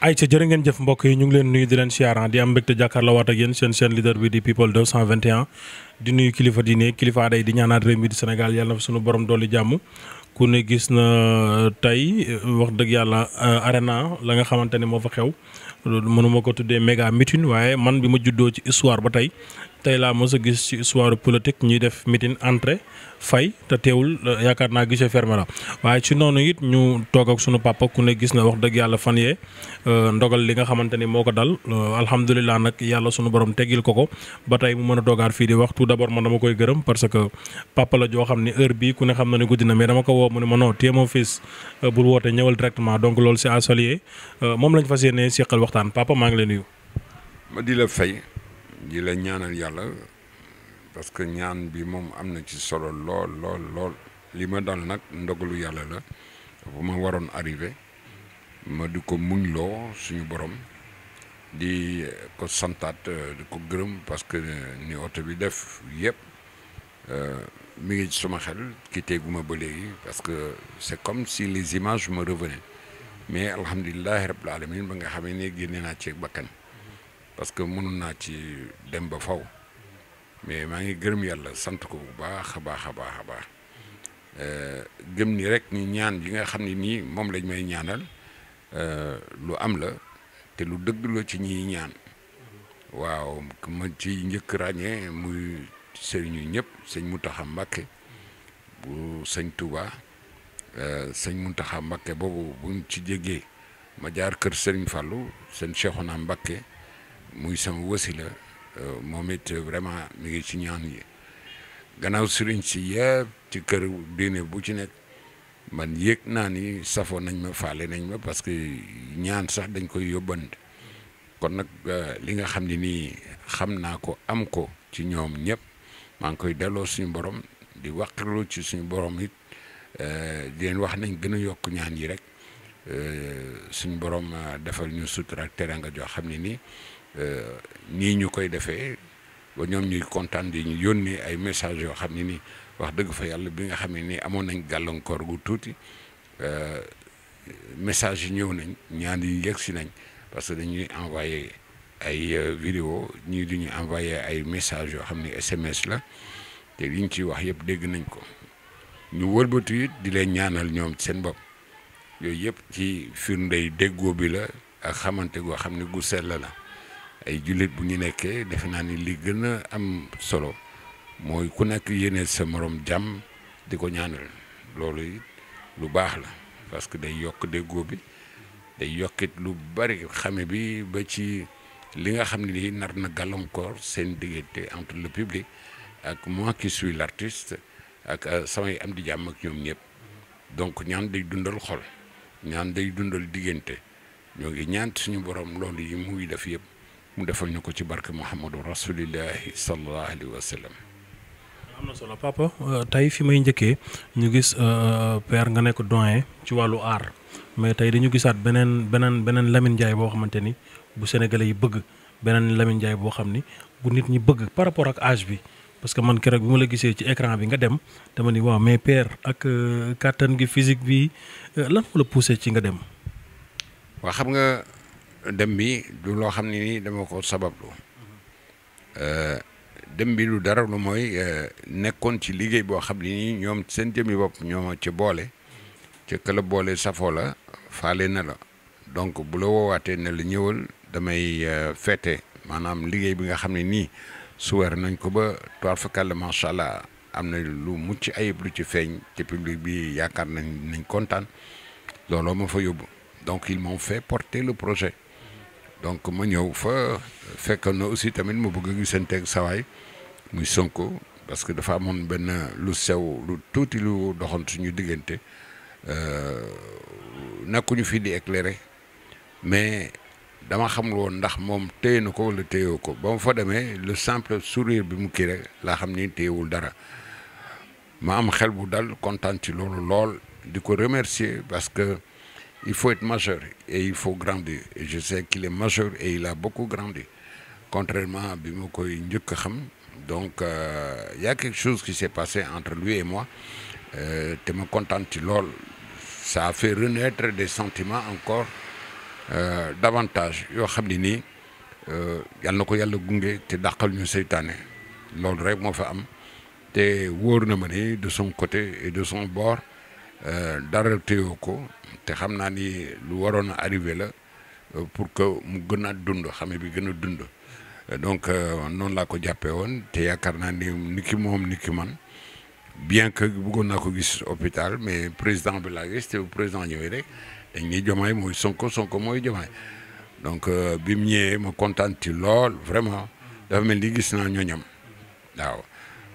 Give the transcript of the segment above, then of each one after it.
ayca jërë ngeen jëf mbokk yi ñu ngi leen nuyu di leen siyaaraan di am mbégte jàkkaarloo waat ak yéen seen seen leader bi di people 221 di nuyu kilifa diine kilifa aday di ñaanaat réew mi di Sénégal yàlla na fa sunu borom dolli jàmm ku ne gis na euh, tey wax dëgg yàlla euh, arena la nga xamante ne moo fa xew mënuma ko tuddee méga meeting waaye man bi ma juddoo ci histoire ba tey tey laa mos a gis ci histoire politique ñuy def meeting entrée fay te teewul euh, yaakaar naa guichet fermé la waaye ci noonu it ñu toog ak sunu papa ku ne gis na wax dëgg yàlla fan yee euh, ndogal li nga xamante ni moo ko dal euh, alhamdulilah nag yàlla sunu borom teggil ko ko ba tey mu mën a toogaat fii di wax tout d'abord man dama koy gërëm parce que papa la joo xam ni heure bii ku ne xam na ne guddi na mais dama ko woo mu ne ma non téye mon fils bul woote ñëwal directement donc loolu c'est à saluer moom lañ fa yéenee seqal waxtaan papa maa ngi lay di la fay la ñaanal yàlla. parce que ñaan bi moom am na ci solo lool lool lool li ma dal nag ndogalu yàlla la bu ma waroon arrivé ma du ko muñ loo suñu borom di ko santaat di ko gërëm parce que ni oto bi def yëpp euh, mu ngi ci sama xel quitté ma ba léegi parce que c'est comme si les images me revenaient mais alhamdulilahi rabbil alamin ba nga xamee ne génnee naa ci bakkan parce que mënu naa ci dem ba faw mais maa ngi gërëm yàlla sant ko bu baax a baax a baax a baax euh, gëm ni rek ni ñaan yi nga xam ni nii moom lañ may ñaanal euh, lu am la te lu dëgg la ci ñiy ñaan waaw ma ci njëkk ràññee muy sëriñu ñëpp sëñ Mountakha Mbacké bu sëñ Touba euh, sëñ Mountakha Mbacké boobu buñ ci jéggee ma jaar kër sëriñ fàllu sëñ Cheikhouna Mbacké muy sama wasila Euh, moom it euh, vraiment mi ngi ci ñaan yi gannaaw sëriñ si yëpp ci kër diine bu ci nekk man yëg naa ni safoo nañ ma faale nañ ma parce que ñaan sax dañ koy yóbbante kon nag euh, li nga xam ne nii xam naa ko am ko ci ñoom ñëpp maa ngi koy delloo suñu borom di waqirlu ci suñu borom it di leen wax nañ gën a yokk ñaan yi rek suñu borom defal ñu sutura ak nga joo xam ne nii Euh, nii ñu koy defee ba ñoom ñuy kontaan di ñu yónni ay message yoo xam ne nii wax dëgg fa yàlla bi nga xam ne nii amoon nañ gàllankoor gu tuuti euh, message ñëw nañ ñaan yi yegg si nañ parce que dañuy envoyé ay euh, vidéo ñii di ñu envoyé ay message yoo xam ni SMS la te liñ ciy wax yëpp dégg nañ ko ñu wëlbatu it di leen ñaanal ñoom seen bopp yooyu yëpp ci firndey déggoo bi la ak xamante goo xam ne gu sell la. ay jullit bu ñu nekkee defe naa ni li gën a am solo mooy ku nekk yéene sa moroom jàmm di ko ñaanal loolu it lu baax la parce que day yokk déggoo bi day yokkit lu bari xame bi ba ci li nga xam ne lii nar na gàllankoor seen diggante entre le public ak moi qui suis l'artiste ak euh, samay am di jàmm ak ñoom ñëpp donc ñaan day dundal xol ñaan day dundal diggante ñoo ngi ñaan suñu borom loolu yi muy def yëpp. mu defal ñu ko ci barke Mouhamadou rasulillahi sallallahu alayhi wa am na solo papa euh, tey fi may njëkkee ñu gis euh, père nga nekk doyen ci wàllu aar mais tey dañu gisaat beneen beneen beneen Lamine Ndiaye boo xamante ni bu sénégalais yi bëgg beneen Lamine Ndiaye boo xam ni bu nit ñi bëgg par rapport ak âge bi parce que man keroog bi ma la gisee ci écran bi nga dem ma ni waaw mais père ak euh, kàttan gi physique bi lan moo la poussé ci nga dem. waa xam nga. dem bi loo xam ne nii dama ko sabablu eh, dem bi lu dara lu mooy eh, nekkoon ci liggéey boo xam ni ñoom seen jëmmi bopp ñoom ci boole ci këla boole safoo la faale na la donc bu la woowaatee ne la ñëwal damay eh, feete maanaam liggéey bi nga xam ne nii suwer nañ ko ba toir fakall macha allah am na lu mucc ayib lu ci feeñ ci public bi yaakaar nañ nañ kontaan looloo ma fa yóbbu donc ils m'ont fait porter le projet donc ma ñëw fa fekkoon na aussi tamit ma bëgg a gisanteeg sawaay muy sonk parce que dafa amoon benn lu sew lu tuuti lu doxoon suñu diggante euh, nekkuñu fii di éclairer mais dama xam xamul woon ndax moom téye na ko wala téyoo ko ba mu fa demee le simple sourire bi mu kii rek laa xam ni téyewul dara ma am xel bu dal kontaan ci loolu lool di ko remercier parce que. il faut être majeur et il faut grandir et je sais qu'il est majeur et il a beaucoup grandi contrairement bi ma koy njëkk a xam donc il euh, y a quelque chose qui s'est passé entre lui et moi euh, te ma kontaan ci lool ça a fait renaître des sentiments encore euh, davantage yoo xam ne nii yal na ko yàlla gunge te dàqal ñu seytaane loolu rek moo fa am te wóor na ma ni de son côté et de son bord Euh, dara téye ko te xam naa ni lu waroon a arrivé la euh, pour que mu gën a dund xame bi gën a dund euh, donc noonu laa ko jàppee woon te yaakaar naa ni ni ki moom ni man bien que bëggoon naa ko gis hopital mais président bi laa gis te président ñëwee rek dañ ni Diomaye mooy Sonko Sonko mooy Diomaye donc bi mu ñëwee ma kontaan ci lool vraiment dafa mel ni gis naa ñooñam waaw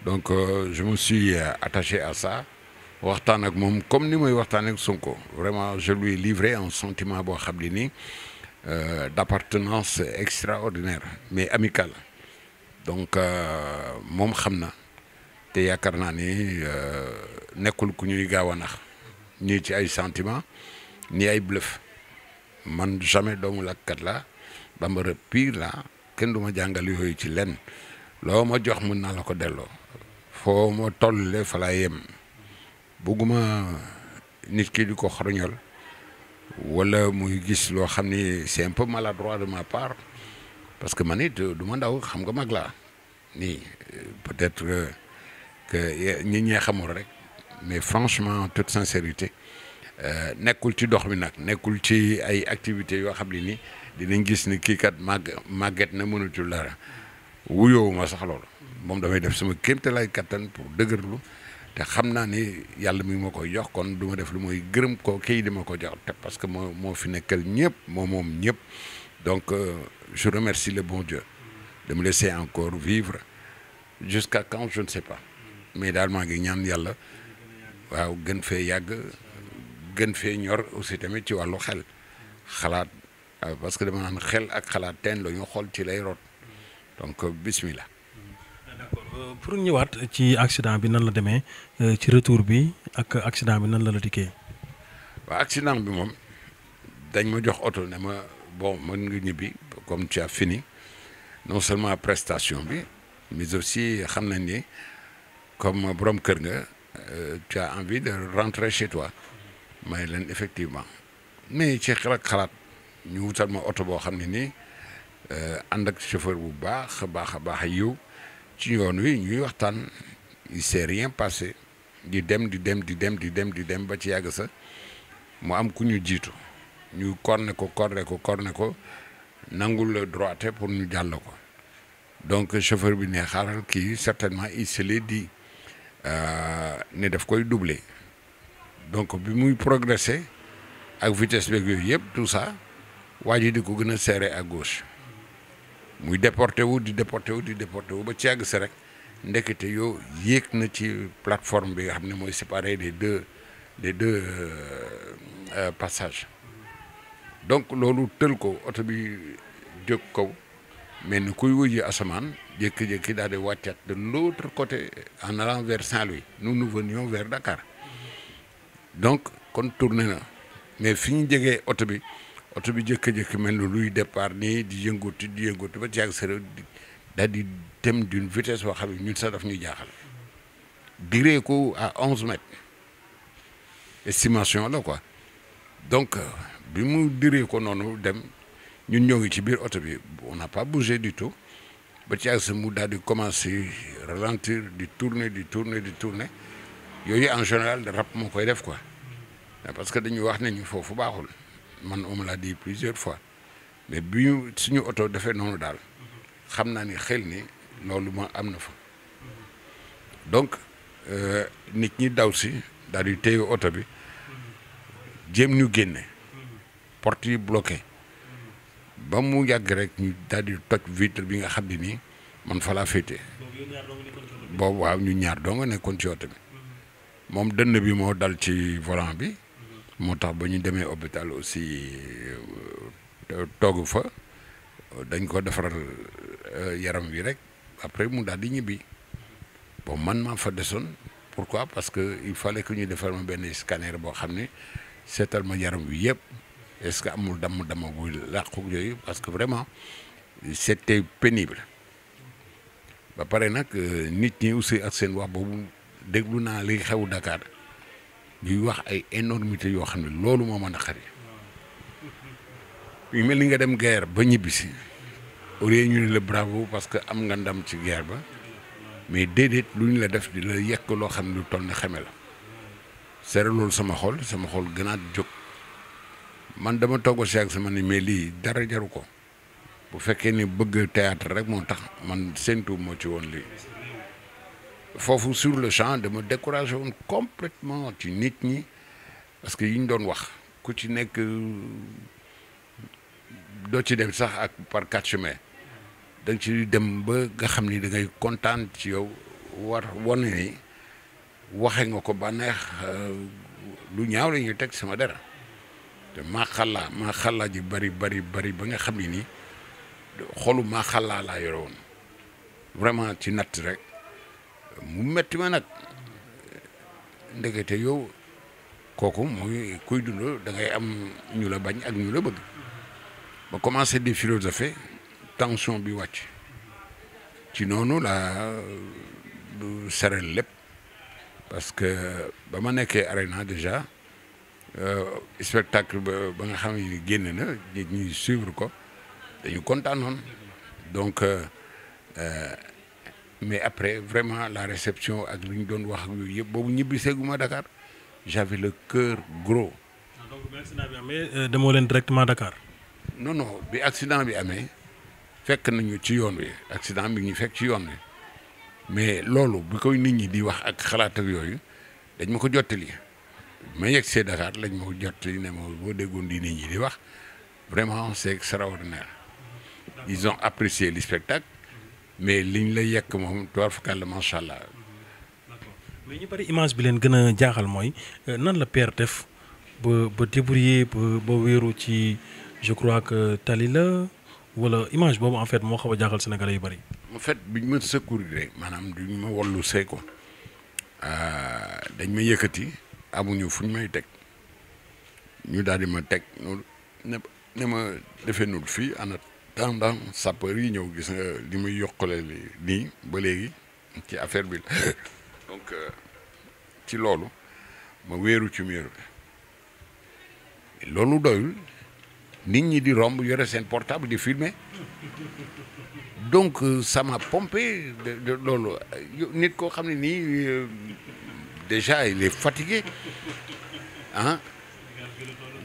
donc je me suis attaché à ça waxtaan ak moom comme ni may waxtaan ak ko vraiment je lui ai livré un sentiment boo xam ne nii euh, d'appartenance extraordinaire mais amicale donc euh, moom xam na te yaakaar naa ni euh, nekkul ku ñuy gaaw a nax nii ci ay sentiment ni ay bluff man jamais doomu làkkat la bambara pire la kenn du ma jàngal yooyu ci lenn loo ma jox mun naa la ko delloo foo ma tolle fa laa yem bëgguma nit ki di ko xaruñal wala muy gis loo xam ni c'est un peu maladroit de ma part parce que man it du ma ndaw xam nga magla laa nii peut-être que ñi ñee xamul rek mais franchement en toute sincérité euh, nekkul ci dox mi nag nekkul ci ay activités yoo xam ne ni dinañ gis ni kii kat màgg màgget na mënatul dara wuyoowu ma sax loolu moom damay def sama kéemtalaay kattan pour dëgërlu te xam naa ni yàlla mi ma koy jox kon du ma def lu mooy gërëm ko kii di ma ko jox parce que moo moo fi nekkal ñëpp moo moom ñëpp donc euh, je remercie le bon Dieu dama me laisser encore vivre jusqu'à quand je ne sais pas mais daal maa ngi ñaan yàlla waaw gën fee yàgg gën fee ñor aussi tamit ci wàllu xel xalaat euh, parce que dama naan xel ak xalaat teen la ñu xool ci lay rot donc euh, bismillah Euh, pour ñëwaat ci accident bi nan la demee euh, ci retour bi ak accident bi nan la la dikkee. waaw accident bi moom dañ ma jox auto ne ma bon mën nga ñibbi comme tu as fini non seulement prestation bi mais aussi xam na ni comme borom kër nga euh, tu as envie de rentrer chez toi may leen effectivement mais ci xel ak xalaat ñu wutal ma oto boo xam ne nii ànd ak chauffeur bu baax a baax a baax yiw ci yoon wi ñuy waxtaan il s'est rien passé di dem di dem di dem di dem di dem ba ci yàgg sax mu am ku ñu jiitu ñu corné ko corné ko corné ko nangul la droite pour ñu jàll ko donc chauffeur bi ne xaaral kii certainement il se di dit euh, ne def koy doubler donc bi muy progresser ak vitesse beeg yooyu yëpp tout sax waa ji di ko gën a serré à gauche. muy déporté wu di déporté wu di déporté wu ba ci yàgg si rek ndekete yoo yéeg na ci plateforme bi nga xam ne mooy séparé des deux des deux euh, euh, passages donc loolu tël ko oto bi jóg kaw mais ni kuy wëji asamaan jékki-jékki daal di wàccaat de l'autre côté an allant vers Saint-Louis nous nous venions vers Dakar donc kon tourné na mais fi ñu jegee oto bi oto bi jëkk-jëkk mel ni luy départ nii di yëngatu di yëngatu ba ci yàgg sa réew daal di dem d'une vitesse boo xam ne ñun sax daf ñuy jaaxal diree ko à onze mètres estimation la quoi donc bi mu diree ko noonu dem ñun ñoo ngi ci biir oto bi on n'a pas bougé du tout ba ci yàgg sa mu daal di commencer ralentir di tourner di tourner di tourner yooyu en général rap moo koy def quoi parce que dañuy wax ne ñu foofu baaxul man on me l'a dit plusieurs fois mais bi ñu suñu oto defee noonu daal xam naa ni xel ni loolu ma am na fa donc euh, nit ñi daw si daal di téye oto bi jéem ñu génne porti yi bloqué ba mu yàgg rek ñu daal di vitre bi nga xam ne nii man falaa laa boobu waaw ñu ñaar doo nga nekkoon ci oto bi moom dënn bi moo dal ci volant bi moo tax ba ñu demee hôpital aussi euh, toogu fa dañ ko defaral euh, yaram wi rek après mu daal di ñibbi bon man maa fa desoon pourquoi parce que il fallait que ñu defar ma benn scanner boo xam ne seetal ma yaram wi yëpp est-ce que amul damm damm buy làqu yooyu parce que vraiment te pénible ba pare nag euh, nit ñi aussi ak seen wax boobu déglu naa li xew Dakar ñuy wax ay énormité yoo xam ne loolu moo mën a xari yu mel ni nga dem guerre ba ñibbisi au lieu ñu ne la bravo parce que am nga ndam ci guerre ba mais déedéet lu ñu la def di la yekk loo xam ne lu toll na xeme la seere loolu sama xol sama xol gënaat jóg man dama toog a ak sama ne mais lii dara jaru ko bu fekkee ne bëgg théâtre rek moo tax man séntu moo ci woon lii foofu sur le champ dama découragé woon completement ci nit ñi parce que yi ñu doon wax ku ci nekk doo ci dem sax ak par quatre chemins da ci dem ba nga xam ni dangay ngay kontaan ci yow war wane ni waxe nga ko ba neex euh, lu ñaaw la ñuy teg sama dara te maa xallaa maa xallaa ji bari bari bari ba nga xam ni ni xolu maa laa yore woon vraiment ci natt rek. mu metti ma nag ndekete yow kooku muy kuy dundoo da ngay am ñu la bañ ak ñu la bëgg ba commencé di philosopher tension bi wàcc ci noonu la du sereel lépp parce que ba ma nekkee arena déjà euh, spectacle ba ba nga xam ne génn na nit ñuy suivre ko dañu kontaanoon donc. Euh, euh, mais après vraiment la réception ak lu ñu doon wax yooyu yëpp boobu ñibbi seeguma Dakar j'avais le cœur gros. ah donc bi euh, demoo leen directement Dakar. non non bi accident bi amee fekk nañu ci yoon wi accident bi ñu fekk ci yoon wi mais loolu bi koy nit ñi di wax ak xalaat yooyu dañ ma ko jottali ma yegg see Dakar lañ ma ko jottali ne ma boo déggoon di nit ñi di wax vraiment c'est extraordinaire ils ont apprécié le spectacle. mais li ñu lay yekk moom tuwaar fakal la macha allah. mais ñu bari image bi leen gën a jaaxal mooy euh, nan la père def ba ba débrouiller ba ba wéeru ci je crois que tali la walla image boobu en fait moo xaw a jaaxal sénégalais yu bari. en fait biñ ma secourir maanaam ñu ma wollu see ko euh, dañ ma yëkkati amuñu fuñ may teg ñu daal di ma teg ne ma defee nul fii anat daan daan sapeur ñëw gis nga li muy yokkale nii ba léegi ci affaire bi donc euh, ci loolu ma wéeru ci mur bi loolu doyul nit ñi di romb yore seen portable di filmer donc euh, ça m'a pompé loolu nit koo xam ne nii euh, déjà il est fatigué ah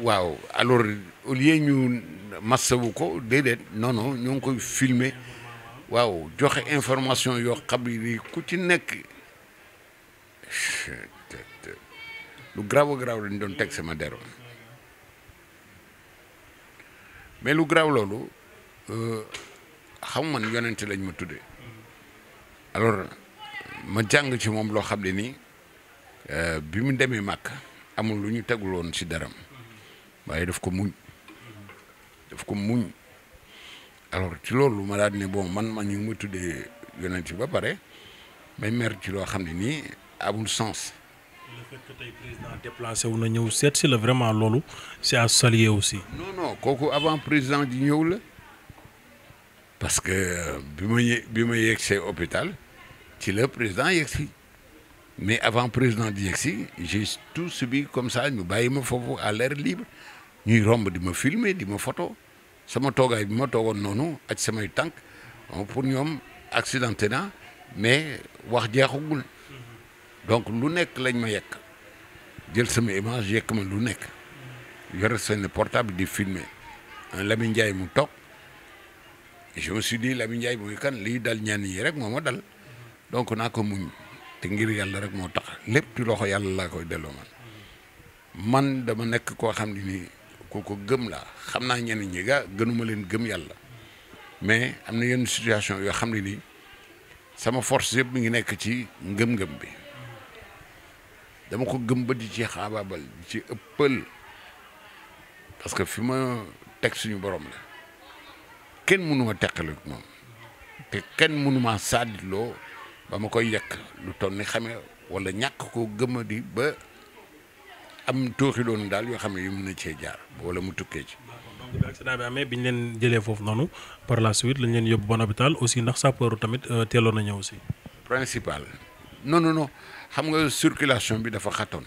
waaw alors au lieu massawu ko déedéet non non ñoo ngi koy filmer waaw joxe information yoo xam ni ku ci nekk lu garaaw a garaaw lañ doon teg sama deroon mais lu garaaw loolu euh, xam man yonent lañ ma tudde alors ma jàng ci moom loo xam ne nii euh, bi mu demee màkk amul lu ñu loon ci daram waaye daf ko muñ daf ko muñ alors ci loolu ma daal ne bon man ma ñu ma tuddee yonent ba pare may mer ci loo xam ne nii amul sens. le wu na ñëw seet si la vraiment loolu c'est à saluer aussi. no non kooku avant président di ñëw la parce que euh, bi ma ye bi ma yegsee hôpital ci la président yegsi mais avant président di yegsi j'ai tout subi comme ça ñu bàyyi ma foofu à l'air libre. ñuy romb di ma filme di ma photo sama toogaay bi ma toogoon noonu ak samay tànk pour ñoom accidenté na mais wax jeexagul donc lu nekk lañ ma yekk jël sama image yekk ma lu nekk yore seen portable di filmer Lamine Ndiaye mu toog je di suis dit Lamine kan lii dal ñenn yi rek moo ma dal donc naa ko muñ te ngir yàlla rek moo tax lépp ci loxo yàlla laa koy delloo man man dama nekk koo xam ne nii kooku gëm laa xam naa ñenn ñi ga gënuma leen gëm yàlla mais am na yenn situation yoo xam ne nii sama force yëpp mi ngi nekk ci ngëm-ngëm bi dama ko gëm ba di ci xaabaabal di ci ëppal parce que fi ma teg suñu borom la kenn mënu ma teqale moom te kenn mënu ma saaditloo ba ma koy yekk lu toll ni xamee wala ñàkk koo gëma di ba am tooxi doonu daal yoo xam ne yi mun a cee jaar wala mu tukkee ci. bi accident leen jëlee foofu noonu par la lañ leen yóbbu bon hôpital aussi ndax sapeur tamit euh, teeloon na ñëw aussi. principal non non xam nga circulation bi dafa xatoon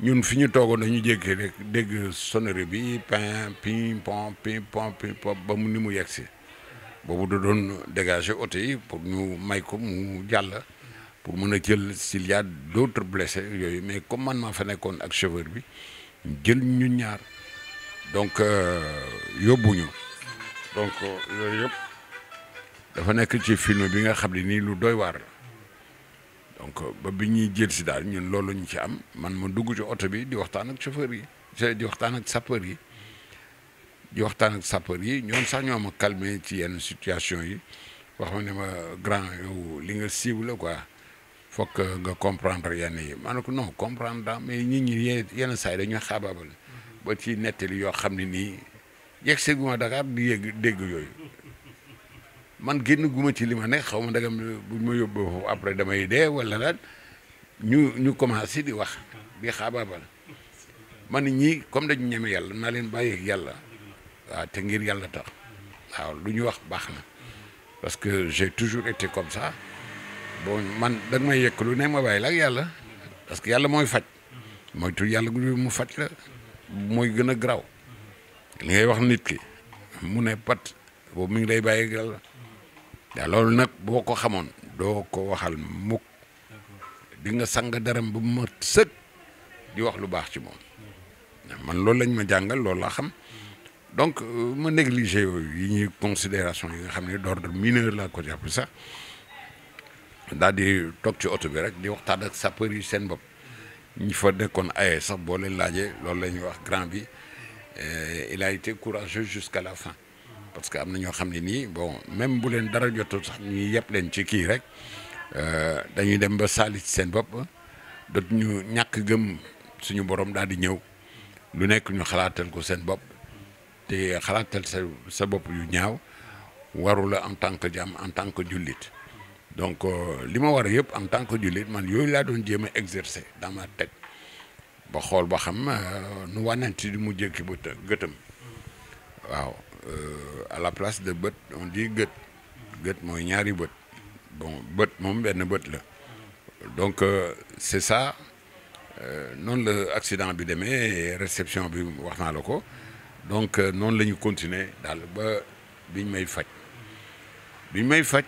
ñun fi ñu toogoon dañu jékkee rek dégg bi pin pim pom pim pom pim pom ba mu ni mu yegg si boobu da doon dégager oto yi pour ñu may ko mu jàll. pour mën a jël s'il y a d'autres yooyu mais comme man maa fa nekkoon ak chauffeur bi jël ñu ñaar donc euh, yóbbuñu donc euh, yooyu yëpp dafa nekk ci film bi nga xam ne nii lu doy waar la donc euh, ba bi ñuy jël si daal ñun loolu ñu ci am man ma dugg ci oto bi di waxtaan ak chauffeur yi di waxtaan ak sapeur yi di waxtaan ak sapeur yi ñoom sax ñoo ma calmé ci yenn situation yi wax ma ne ma grand yow li nga siiw la quoi. fokk nga comprendre yenn yi ma ne ko non comprendre daa mais nit ñi yenn saa yi dañuy xaabaabal ba ci nettali yoo xam ne nii yegg si guma Dakar di dégg yooyu man génn guma ci li ma nekk xaw ma ndagam bu ma yóbboo foofu après damay dee wala lan ñu ñu commencé di wax di xaabaabal man ñi comme dañu ñeme yàlla naa leen bàyyi yàlla waaw te ngir yàlla tax waaw lu ñu wax baax na parce que j'ai toujours été comme ça bon man da nga may yëkk lu ne ma bàyyi lag yàlla parce que yàlla mooy faj moytu yàlla gu mu faj la mooy gën a garaaw li ngay wax nit ki mu ne pat boobu mu ngi lay bàyyi la daa loolu nag boo ko xamoon doo ko waxal mukk di nga sang daram ba ma sëg di wax lu baax ci moom man loolu lañ ma jàngal loolu laa xam donc euh, ma négligé yooyu yi ñuy considération yi nga xam ne d'ordre mineur laa ko jàpp sax daal di toog ci oto bi rek di waxtaan ak sapeur yi seen bopp ñu fa nekkoon ayee sax boo leen laajee loolu la ñuy wax grand bi eh, il a été courageux jusqu'à la fin parce que am na ñoo xam ne nii bon même bu leen dara jotul sax ñu yëpp leen ci kii rek eh, dañuy dem ba saalit seen bopp dootuñu ñàkk gëm suñu borom daal di ñëw lu nekk ñu xalaatel ko seen bopp te xalaatel sa bopp yu ñaaw warula en tant que jàmm en tant que jullit donc euh, li ma war a yëpp en tant que jullit man yooyu laa doon jéem a exercer dans ma ba xool ba xam euh, nu wànnanti di mu jékki ba gëtam waaw euh, à la place de bët on dit gët gët mooy ñaari bët bon bët moom benn bët la donc c'est ça noonu la accident bi demee réception bi wax naa la ko donc noonu la ñu continuer daal ba biñ may faj biñ may faj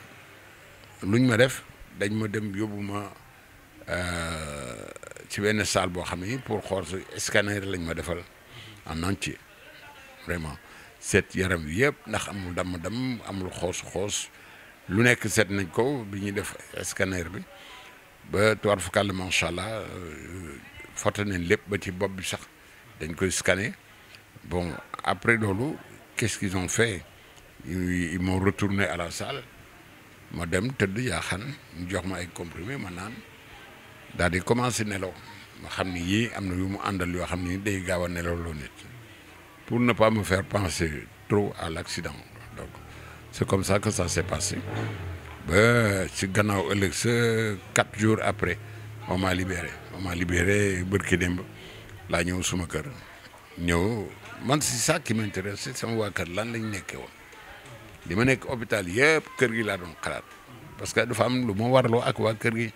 luñ ma def dañ ma dem yóbbu ma euh, ci benn salle boo xam ne pour xool su scanner lañ ma defal en entier vraiment seet yaram wi yëpp ndax amul damm-damm amul xoos-xoos lu nekk set nañ ko bi ñuy def scanner bi ba tuwaar fukal macha allah euh, foto nañ lépp ba ci bopp bi sax dañ koy scanner bon après loolu qu'est-ce qu'ils ont fait ils m'ont retourné à la salle ma dem tëdd yaaxan ñu jox ma ay comprimé ma naan daal di commencé nelaw ma xam ni yii am na yu mu àndal yoo xam ni day gaaw a nelaw loo nit pour ne pas me faire penser trop à l'accident donc c'est comme ça que ça s'est passé ba ci gannaaw ëllëg sa quatre jours après on m'a libéré on m'a libéré bërki démb laa ñëw suma kër ñëw man si ça qui m'intéresse sama waa kër lan lañ nekkee woon li ma nekk hôpital yëpp kër gi laa doon xalaat parce que dafa am lu ma warloo ak waa kër gi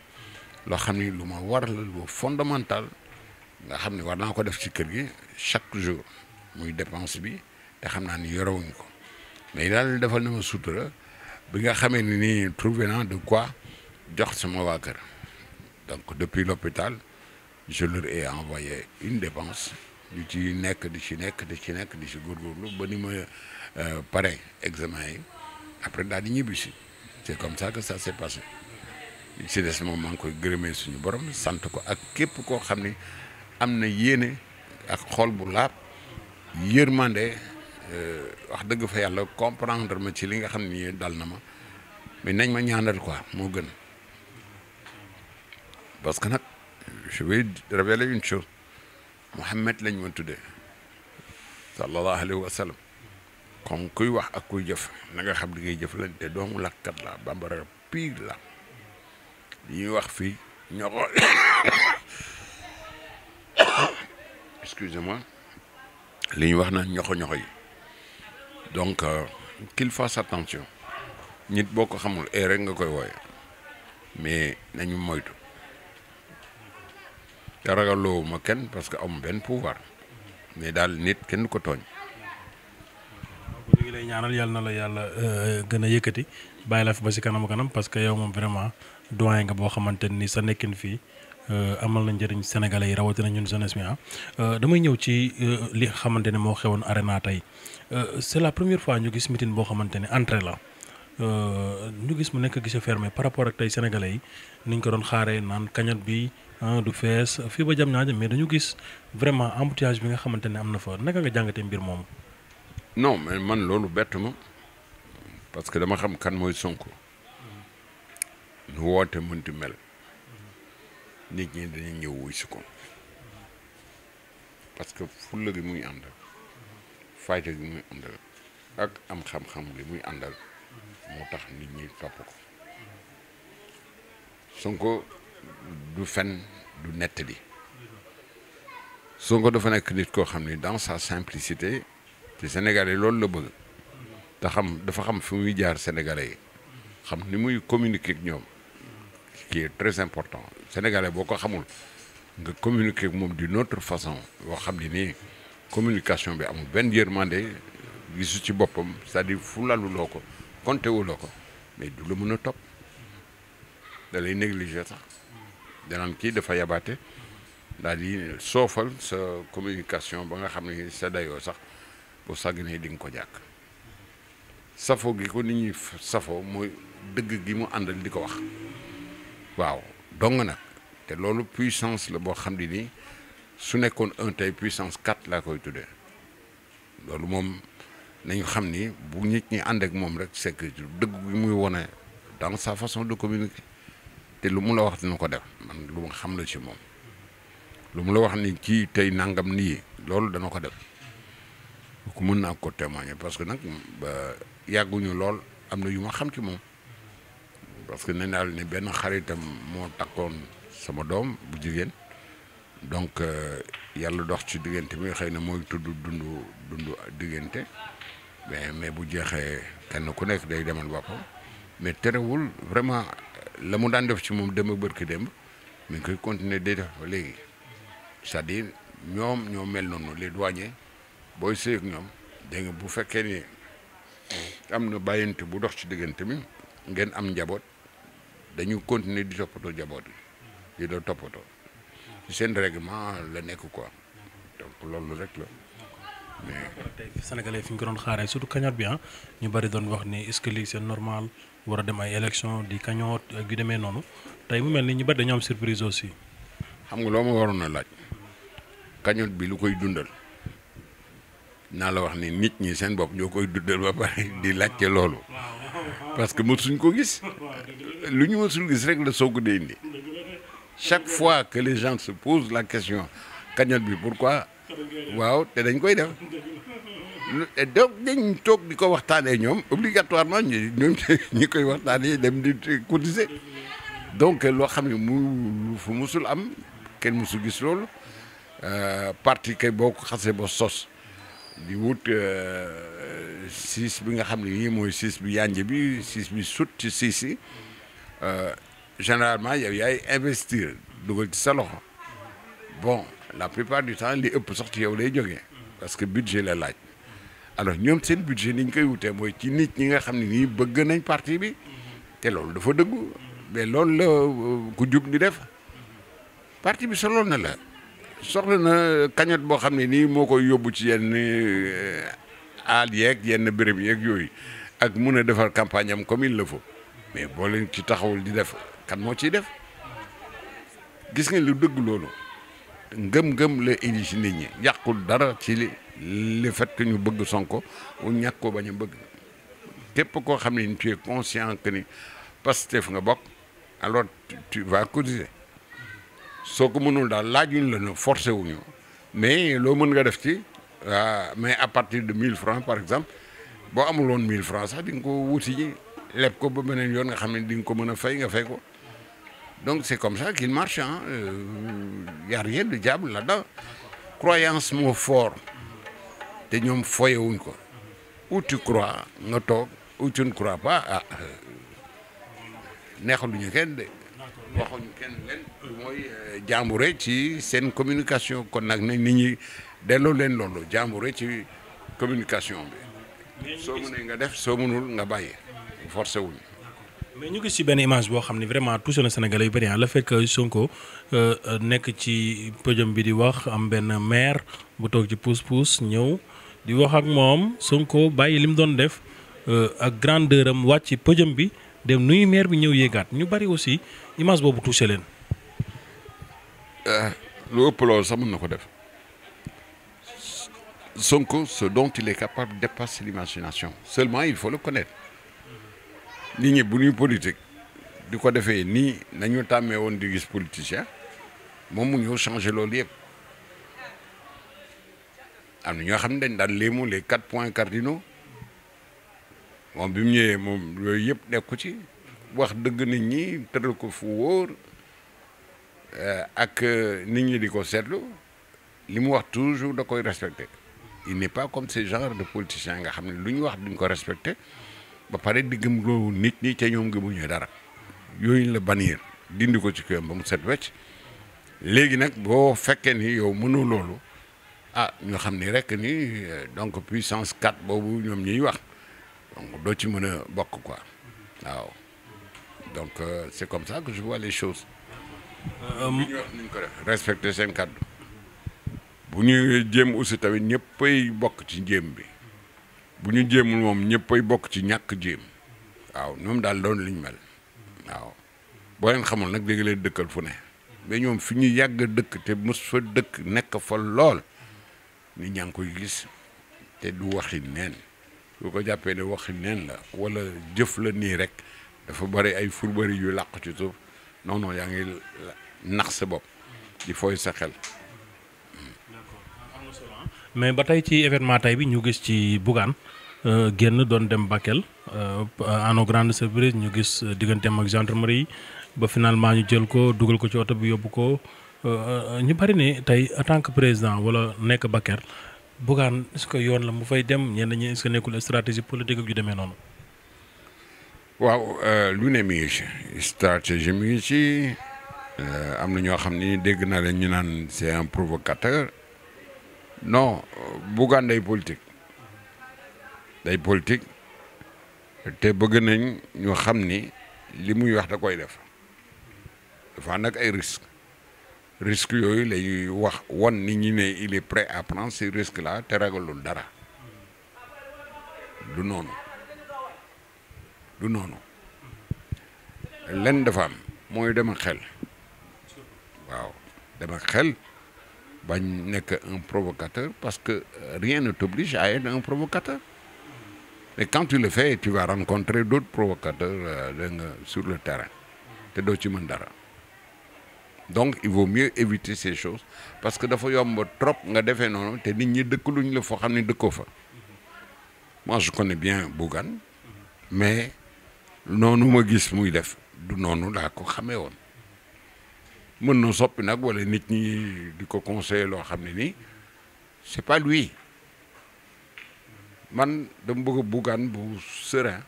loo xam ni lu ma war la lu fondamental nga xam ne war naa ko def ci kër gi chaque jour muy dépense bi te xam naa ni yorewuñ ko mais daal defal na ma sutura bi nga xamee ni nii trouvé naa de quoi jox sama waa kër donc depuis l'hôpital je leur ai envoyé une dépense di ci nekk di ci nekk di ci nekk di ci góorgóorlu ba ni ma Euh, pare examen yi après daal di ñibbi si comme sa que ça s' est passé si des moom maa ngi koy gërëmee suñu borom sant ko ak képp koo xam ni am na yéene ak xol bu laab yërmande euh, wax dëgg fa yàlla comprendre ma ci li nga xam ni dal na ma mais nañ ma ñaanal ko moo gën parce que nag je vais révéler une chose Mouhamed lañ ma tuddee sallallahu alayhi wa sallam comme kuy wax ak kuy jëf na nga xam li ngay jëflante doomu lakkat la bambara pire la li ñuy wax fii ñoo ko li ñuy wax na ñoxo ñoxo yi donc euh, qu'il fasse attention nit boo ko xamul ee eh, rek nga koy wooye mais nañu moytu te ragaloo ma kenn parce que am benn pouvoir mais daal nit kenn du ko tooñ lay ñaanal yàlla na la yàlla euh, gën a yëkkati bàyyi la fi ba si kanam kanam parce que yow moom vraiment doyen nga boo xamante ni sa nekkin fii euh, amal na njëriñ sénégalais yi rawatina ñun jeunesse bi ah euh, damay ñëw ci li xamante ne moo xewoon arena tey c'est la première fois ñu gis meeting boo xamante ne entrée la ñu gis mu nekk gise fermé par rapport ak tey sénégalais yi niñ ko doon xaaree naan cagnotte bi ah, du fees fii ba jam ñaaja mais dañu gis vraiment embouteillage bi nga xamante ne am na fa naka nga jàngatee mbir non mais man loolu bett ma parce que dama xam kan mooy Sonko nu woote mënti mel nit ñi dañuy ñëw wuy si ko parce que fulla gi muy àndal fayta gi muy ak am xam-xam li muy àndal moo tax nit ñi topp ko Sonko du fen du nettali Sonko dafa nekk nit koo xam ni dans sa simplicité te sénégalais loolu la bëgg te xam dafa xam fi muy jaar sénégalais yi xam ni muy communiquer ak ñoom qui est très important sénégalais boo ko xamul nga communiquer ak moom di notre façon boo xam ni nii communication bi amul benn yërmande gisu ci boppam c'est-à-dire fu lalu loo ko compté wuloo ko mais du la mën a topp da lay sax danaan kii dafa yabaate daal di soofal sa communication ba nga xam ne sa dayoo sax boo sàgganee di nga ko jàkk safo gi ko nit ñuy safo mooy dëgg gi mu àndal di ko wax waaw dong nag te loolu puissance la boo xam ne nii su nekkoon un tey puissance quatre laa koy tuddee loolu moom nañu xam ni bu nit ñi àndeek moom rek c'est que dëgg gi muy wone dans sa façon de communiquer te lu mu la wax dina ko def man lu ma xam na ci moom lu mu la wax ni ci tey nangam nii loolu dana ko def kooku mën naa ko témoigner parce que nag yàgguñu lool am na yu ma xam ci moom parce que nee naa ne benn xaritam moo takkoon sama doom bu jigéen donc euh, yàlla dox ci diggante bi xëy na mooy tudd dund dund diggante mais mais bu jeexee kenn ku nekk day demal boppam mais terewul vraiment la mu daan def ci moom dem bërki démb mu ngi koy continuer day def ba léegi cest à ñoom ñoo mel noonu les douaniers booy sëy ak ñoom dégg bu fekkee ni am na bàyyante bu dox ci diggante bi ngeen am njaboot dañu continuer di toppatoo njaboot yi di doon toppatoo ci seen règlement la nekk quoi donc loolu rek la. tey Sénégalais fi ñu ko doon xaaree surtout cagnotte bi ah ñu bari doon wax ni est-ce que lii c'est normal war a dem ay élection di cagnotte ak yu demee noonu tey mu mel ni ñu bari dañoo am surprise aussi. xam nga loo ma waroon a laaj cagnotte bi lu koy dundal. naa la wax ni nit ñi seen bopp ñoo koy duddal ba pare di laajte loolu parce que mësuñ ko gis lu ñu mësul gis rek la soog di indi chaque fois que les gens se la question cagnotte bi pourquoi waaw te dañ koy def donc dañ toog di ko waxtaanee ñoom obligatoirement ñoom ñi koy waxtaanee dem di cotiser donc loo xam ne mu fu musul am kenn musul gis loolu euh, parti kay boo ko xasee ba sos di wut euh, siis bi nga xam ne nii mooy siis bi yànj bi siis bi sut ci siis yi euh, généralement yow yaay investir dugal ci sa loxo bon la plupart du temps li ëpp sax ci lay jógee parce que budget la laaj alors ñoom seen budget ni ñu koy wutee mooy ci nit ñi nga xam ne nii bëgg nañ partie bi te loolu dafa dëggu mais loolu la euh, ku jub di def parti bi soloon na la soxla na cagnotte boo xam ne nii moo koy yóbbu ci yenn euh, aal yeeg yenn béréb yeeg yooyu ak mun a defar campagne am comme il le faut mais boo ci taxawul di def kan moo ciy def gis nga lu dëgg loolu ngëm-ngëm la indi si nit ñi yàqul dara ci li le fait que ñu bëgg Sonko u ñàkk ko bañ bëgg képp koo xam ne tu es conscient que ni Pastef nga bokk alors tu vas cotiser soo ko mënul daal laaj laajuñ la ne forcé wuñu mais loo mën nga def ci ah, mais à partir de mille francs par exemple boo amul woon 1000 francs sax di nga ko wuti ñi leb ko ba beneen yoon nga xam ne di nga ko mën a fay nga fay ko donc c'est comme ça qu'il marche ah y a rien de diable là-dedans croyance moo fort te ñoom foyewuñ ko uti tu crois nga toog ou tu ne crois pas ah euh, neexaluñu de. waxuñu kenn leen mooy euh, jàmbure ci seen communication kon nag nañ nit ñi delloo leen loolu jàmbure ci communication bi soo mënee nga def soo mënul nga bàyyi forcé wuñ mais ñu gis ci benn image boo xam ne vraiment touché na Sénégalais yu bëri ah, la fekk fait que Sonko euh, euh, nekk ci pëjëm bi di wax am benn maire bu toog ci pousse pousse ñëw di wax ak moom Sonko bàyyi li mu doon def ak grandeur am wàcc ci podium bi dem nuyu maire bi ñëw yéegaat ñu bari aussi image boobu touché leen. Euh, lu ëpp loolu sax mën na ko def Sonko ce dont il est capable dépasse l'imagination seulement il faut le connaître nit ñi bu ñuy politique di ko defee nii nañu tàmmee woon di gis politicien moom mu ñëw changer loolu yëpp am na ñoo xam ne dañ daan léemu les quatre points cardinaux moom bi mu ñëwee moom yooyu yëpp nekku ci wax dëgg nit ñi tëral ko fu wóor eh, ak eh, nit ñi di ko seetlu li mu wax toujours da koy respecté il n'est pas comme ce genre de politicien nga xam ne lu ñu wax duñ ko respecté ba pare di gëm loolu nit ñi ca ñoom gëmuñu dara yooyu la bannir dindi ko ci kawam ba mu set wecc léegi nag boo fekkee ni yow mënu loolu ah ñu xam ni rek ni eh, donc puissance 4 boobu ñoom ñuy wax donc doo ci mën a bokk quoi waaw donc euh, c' est comme ça que je vois les choses. bu euh, ñu nañ ko def respecter seen kàddu ñu jéem aussi tamit ñëppay bokk ci jéem bi bu ñu jéemul moom ñëppay bokk ci ñàkk jéem waaw ñoom daal doon liñ mel waaw boo leen xamul nag léegi leen dëkkal fu ne mais ñoom fu ñu yàgg dëkk te mos fa dëkk nekk fa lool nit ñaa koy gis te du waxi neen bu ko jàppee ne waxi neen la wala jëf la nii rek dafa bari ay furbari yu làq ci suuf non non yaa ngi nax sa bopp di fooy sa xel. Ah. mais ba tey ci événement tey bi ñu gis ci Bougane euh, génn doon dem Bakel euh, à nos grandes surprises ñu gis digganteem ak gendarmerie ba finalement ñu jël ko dugal ko ci oto bi yóbbu ko euh, ñu bari ni tey en tant que président wala nekk Bakel. Bougane est-ce que yoon la mu fay dem ñenn ñi est-ce que nekkul stratégie politique ak yu demee noonu. waaw euh, lu ne mi ngi ci stratégie mi ngi euh, am na ñoo xam ni dégg naa leen ñu naan c'est un provocateur non Bougane day politique day politique te bëgg nañ ñu xam ni li muy wax da koy def dafa nag ay risques risque yooyu lay wax wan nit ñi ne il est prêt à prendre ces risques là te ragalul dara du noonu du noonu lenn dafa am mooy dem ak xel waaw dema ak xel bañ nekk un provocateur parce que rien ne t'oblige à être un provocateur mais quand tu le fais tu vas rencontrer d'autres provocateurs euh, sur le terrain te doo ci mën dara donc il vaut mieux éviter ces choses parce que dafa yomba trop nga defee noonu te nit ñi dëkk la foo xam ne dëkkoo fa moi je connais bien Bougane mais noonu ma gis muy def du noonu laa ko xamee woon mën na soppi nag wala nit ñi di ko conseiller loo xam ne nii c'est pas lui man dama bëgg Bougane bu serein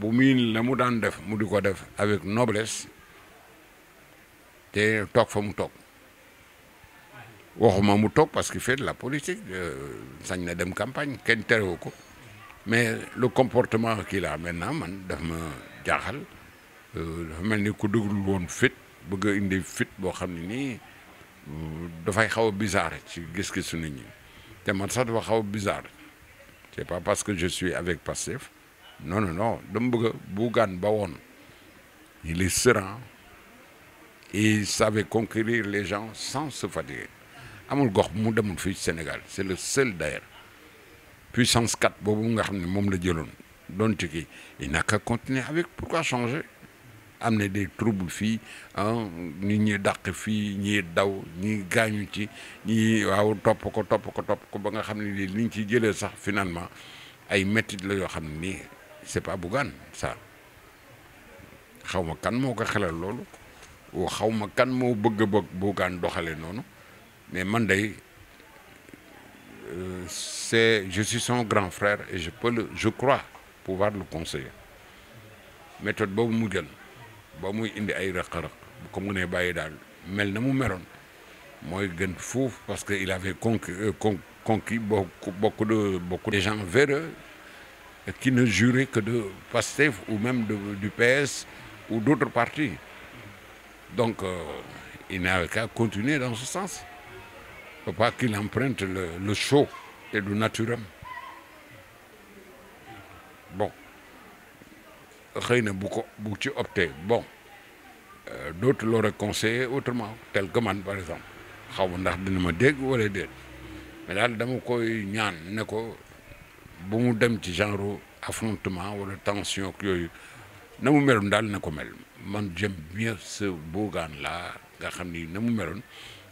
bu miin la mu daan def mu di ko def avec noblesse te toog fa mu toog waxuma mu toog parce que fait de la politique euh, sañ na dem campagne kenn terewu ko mais le comportement qu'il a maintenant man daf ma jaaxal euh, dafa mel ni ku déglu woon fit bëgg a indi fit boo xam ne nii dafay xaw a bizarre ci gis-gisu nit ñi te man sax dafa xaw a bizarre c'est pas parce que je suis avec Pastef non non non dama bëgg a bu ba woon il est il savait conquérir les gens sans se fatiguer amul gox mu demul fii ci Sénégal c'est le seul d'ailleurs puissance 4 boobu nga xam ni moom la jëloon doon ci kii il nag qu'à continuer avec pourquoi changer am na des troubles fii nit ñi dàq fii ñi daw ñi gaañu ci ñi waaw topp ko topp ko topp ko ba nga xam ne li liñ ciy jëlee sax finalement ay méthodes la yoo xam ne nii c'est pas Bougane ça xaw ma kan moo ko xelal loolu xaw ma kan moo bëgg a bëgg Bougane doxale noonu mais man day euh, c'est je suis son grand frère et je peux le je crois pouvoir le conseil méthode boobu mu jël ba muy indi ay rëq-rëq comme mu ne bàyyi daal mel na mu meloon mooy gën foofu parce que il avait conquis euh, conquis beaucoup de beaucoup de gens véreux qui ne juraient que de Pastef ou même de, du PS ou d'autres partie Donc, euh, il n'a qu'à continuer dans ce sens. Il pas qu'il emprunte le, show et le naturel. Bon. xëy na bu ko bu ci opté bon euh, d'autres l'auraient conseillé autrement tel que man par exemple xaw ma ndax dina ma dégg wala déet mais daal dama koy ñaan ne ko bu mu dem ci genre affrontement wala tension ak yooyu na mu melum daal na ko mel man j'aime bien ce Bougane là nga xam ni na mu meloon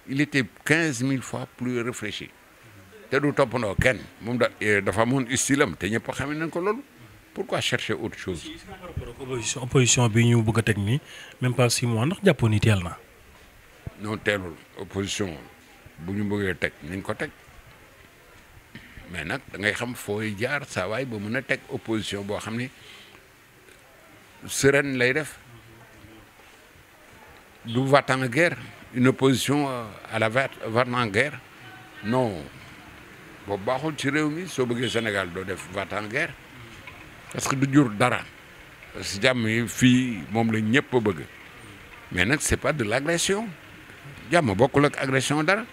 il était quinze mille fois plus réfléchi te du toppandoo kenn moom da eh, dafa amoon style am te ñëpp xam nañ ko loolu pourquoi chercher autre chose. opposition opposition bi ñu bëgg a teg nii même pas six mois ndax jàppoon ni teel na. non teelul opposition bu ñu bëggee teg nañ ko teg mais nag dangay xam fooy jaar saa waay ba mën a teg opposition boo xam ni sereine lay def. du va-t-en-guerre, une opposition euh, à la va guerre non boobu baaxul ci réew mi soo bëggee Sénégal doo def va t guerre parce que du jur dara si jàmm yi fii moom la ñëpp bëgg mais nag c'est pas de l'agression jàmm bokkul ak agression dara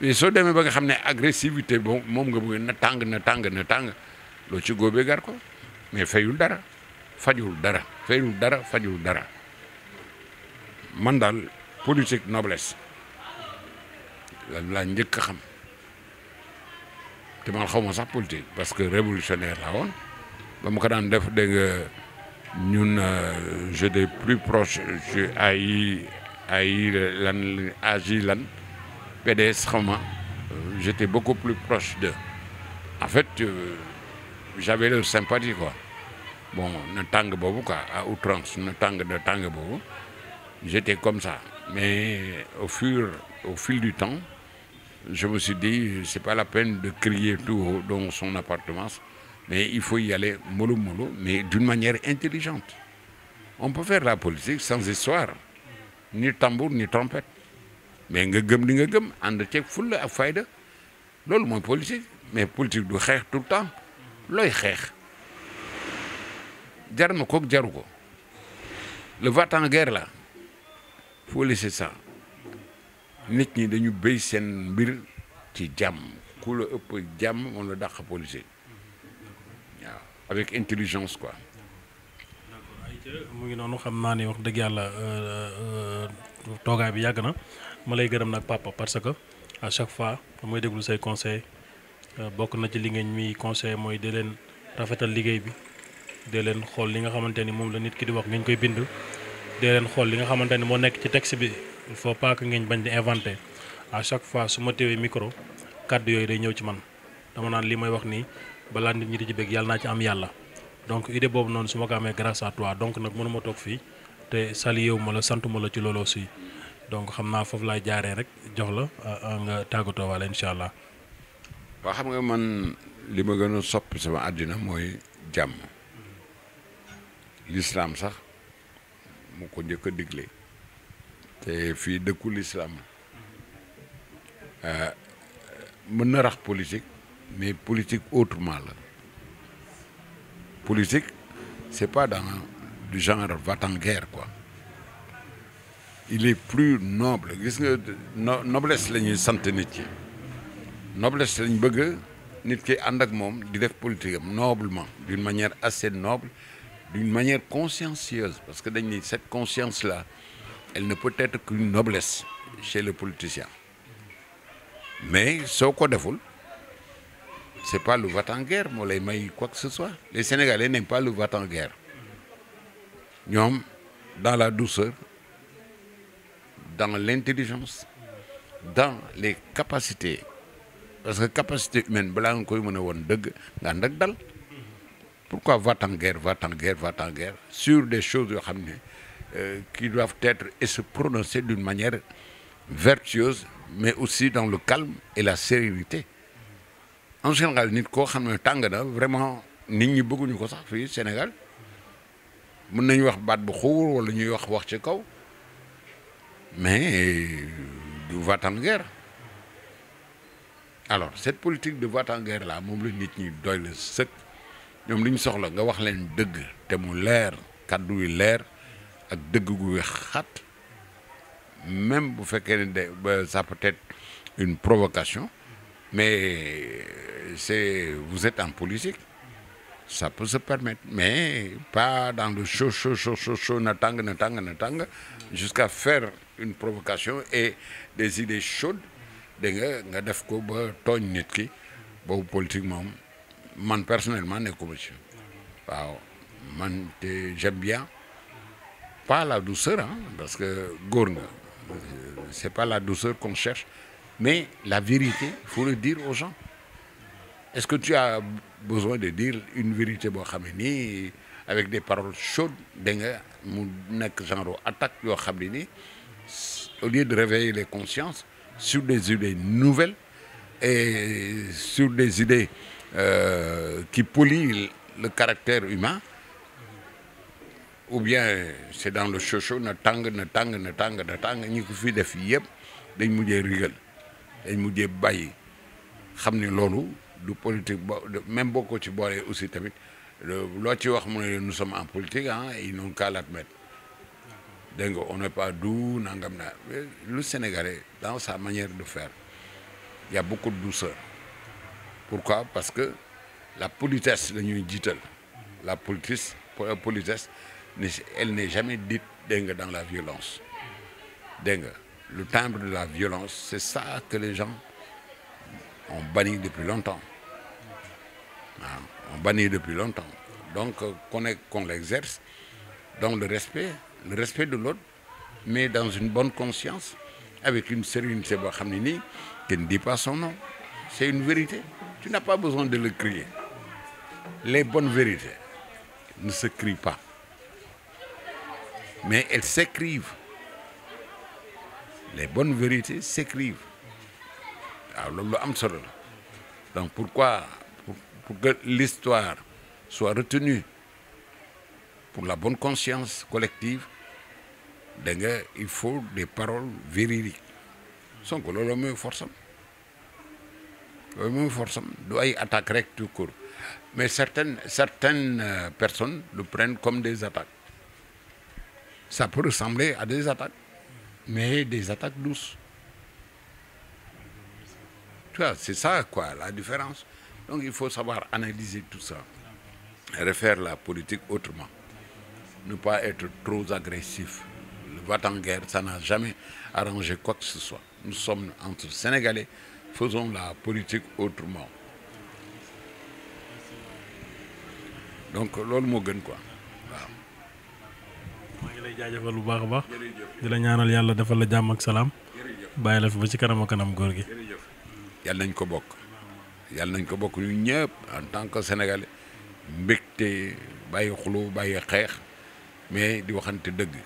mais soo demee ba nga xam ne agressivité boobu moom nga bëgg na tàng na tàng na tàng loo ci góobee gar ko mais fayul dara fajul dara fayul dara fajul dara. man daal politique noblesse lan laa njëkk a xam te man xaw sax politique parce que révolutionnaire laa woon ba ma ko daan def dégg nga ñun euh, j'étais plus proche je ay ay lan agi lan PDS xaw ma j'étais beaucoup plus proche de en fait euh, j'avais leur sympathie quoi bon na tàng boobu quoi à outrance na tàng de boobu J'étais comme ça. Mais au, fur, au fil du temps, je me suis dit, c'est pas la peine de crier tout dans son appartement, mais il faut y aller molo mollo, mais d'une manière intelligente. On peut faire la politique sans histoire, ni tambour, ni trompette. mais nga gëm li nga gëm ànd ceeg fulla ak fayda loolu mooy politique mais politique du xeex tout le temps looy xeex jar na koog jaru ko le va-t-en-guerre la faut laisser ça nit ñi dañu béy seen mbir ci jàmm ku la ëpp jàmm moom la dàq policier avec intelligence quoi. mu ngi noonu xam naa ni wax dëgg yàlla euh, euh, toogaay bi yàgg na ma lay gërëm nag papa parce que à chaque fois damay déglu say conseil euh, bokk na ci li ngeen mii conseil mooy di leen rafetal liggéey bi di leen xool li nga xamante ni moom la nit ki di wax ngeen koy bind dee leen xool li nga xamante ne moo nekk ci texte bi il faut pas que ngeen bañ di inventé à chaque fois su ma téewee micro kàddu yooyu day ñëw ci man dama naan li may wax nii balaa nit ñi di ci bëgg yàlla naa ci am yàlla donc idée boobu noonu su ma ko amee grâce à donc nag mënuma toog fii te sali yow ma la sant ma la ci looloo si donc xam naa foofu laay jaaree rek jox la euh, euh, nga tàggatoo waale incha allah. waa xam nga man li ma gën a sopp sama àddina mooy jàmm l'islam sax. mu ko njëkk a digle te fii dëkkul islam euh, mën na rax politique mais politique autrement la politique c'est pas dans du genre va-t-en-guerre quoi il est plus noble gis nga no noblesse la ñuy sant nit ki noblesse lañ bëgg nit ki ànd ak moom di def politique am noblement d'une manière assez noble d'une manière consciencieuse, parce que cette conscience-là, elle ne peut être qu'une noblesse chez le politicien. Mais soo qu'on deful ce n'est pas le va-t-en-guerre, quoi que ce soit. Les Sénégalais n'aiment pas le va-t-en-guerre. Nous, dans la douceur, dans l'intelligence, dans les capacités. Parce que capacité humaine, c'est ce dal pourquoi va-t-en guerre va-t-en guerre sur des choses yoo xam ne euh, qui doivent être et se prononcer d'une manière vertueuse mais aussi dans le calme et la sérénité en général nit koo xam ne tàng na vraiment nit ñi bëgguñu ko sax fii Sénégal mën nañu wax baat bu xuur wala ñuy wax wax ci kaw mais euh, du va-t-en guerre alors cette politique de va-t-en guerre là moom la nit ñi doy la sëkk ñoom li ñu soxla nga wax leen dëgg te mu leer kàddu yu leer ak dëgg gu wex xat même bu fekkee ne de ça peut être une provocation mais euh, c'est vous êtes en politique ça peut se permettre mais pas dans le chaud chaud chaud chaud na tàng na tàng na tàng jusqu'à faire une provocation et des idées chaudes da nga nga def ko ba tooñ nit ki boobu politique moom man personnellement nekkuma ci waaw man te bien pas la douceur ah parce que góor nga c'est pas la douceur qu'on cherche mais la vérité faut le dire aux gens est-ce que tu as besoin de dire une vérité boo xam ne nii avec des paroles chaudes dégg nga mu nekk genre attaque yoo xam ne nii au lieu de réveiller les consciences sur des idées nouvelles et sur des idées euh, qui polie le caractère humain, ou bien c'est dans le chocho na tàng na tàng na tàng na tàng ñi ko fi def yëpp dañ mujjee rigal dañ mujjee bàyyi xam ni loolu du politique bo même boo ci boolee aussi tamit loo ci wax mu ne nous sommes en politique ah ils n'ont qu'à l'admettre dégg nga on n'est pas doux nangam na le Sénégalais dans sa manière de faire il beaucoup de douceur pourquoi parce que la politesse la ñuy jiital la politesse politesse ne elle n'est jamais dite dégg nga dans la violence dégg nga le timbre de la violence c'est ça que les gens ont banni depuis longtemps waaw ah, ont banni donc euh, qu'on est qu'on l'exerce dans le respect le de l'autre mais dans une bonne conscience avec une sérénité boo xam ne nii te ne dis pas son nom c'est une vérité Tu n'as pas besoin de le crier. Les bonnes vérités ne se crient pas. Mais elles s'écrivent. Les bonnes vérités s'écrivent. waaw ah, loolu lu am solo la donc pourquoi pour que l'histoire soit retenue pour la bonne conscience collective da nga il faut des paroles véridiques Sonko loolu mooy force am loolu mooy force am du ay attaque rek tout court mais certaines euh, personnes le prennent comme des attaques ça peut ressembler à des attaques mais des attaques douces c'est ça quoi la différence donc il faut savoir analyser tout ça refaire la politique autrement ne pas être trop agressif le va-t-en-guerre ça n'a jamais arrangé quoi que ce soit nous sommes entre Sénégalais faisons la politique autrement donc loolu moo gën ko waaw. maa ngi lay jaajëfal lu baax a baax. di la ñaanal yàlla defal la jàmm ak salaam. bàyyi la fi ba ci kanam a kanam góor gi. yàlla nañ ko bokk. yàlla nañ ko bokk ñu ñëpp en tant que sénégalais mbégte bàyyi xuloo bàyyi xeex mais di waxante dëgg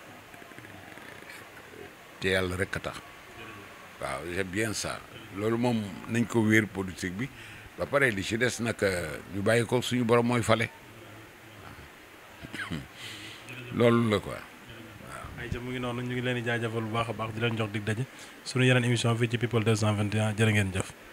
te yàlla rek a tax waaw c'est bien ça. loolu moom nañ ko wéer politique bi ba pare li ci des nag euh, ñu bàyyi ko suñu borom mooy fale loolu la quoi waaw. ayca mu ngi noonu ñu ngi leen di jaajëfal bu baax a baax di leen jox dig daje suñu yeneen émission fii ci people 221 jërë ngeen jëf.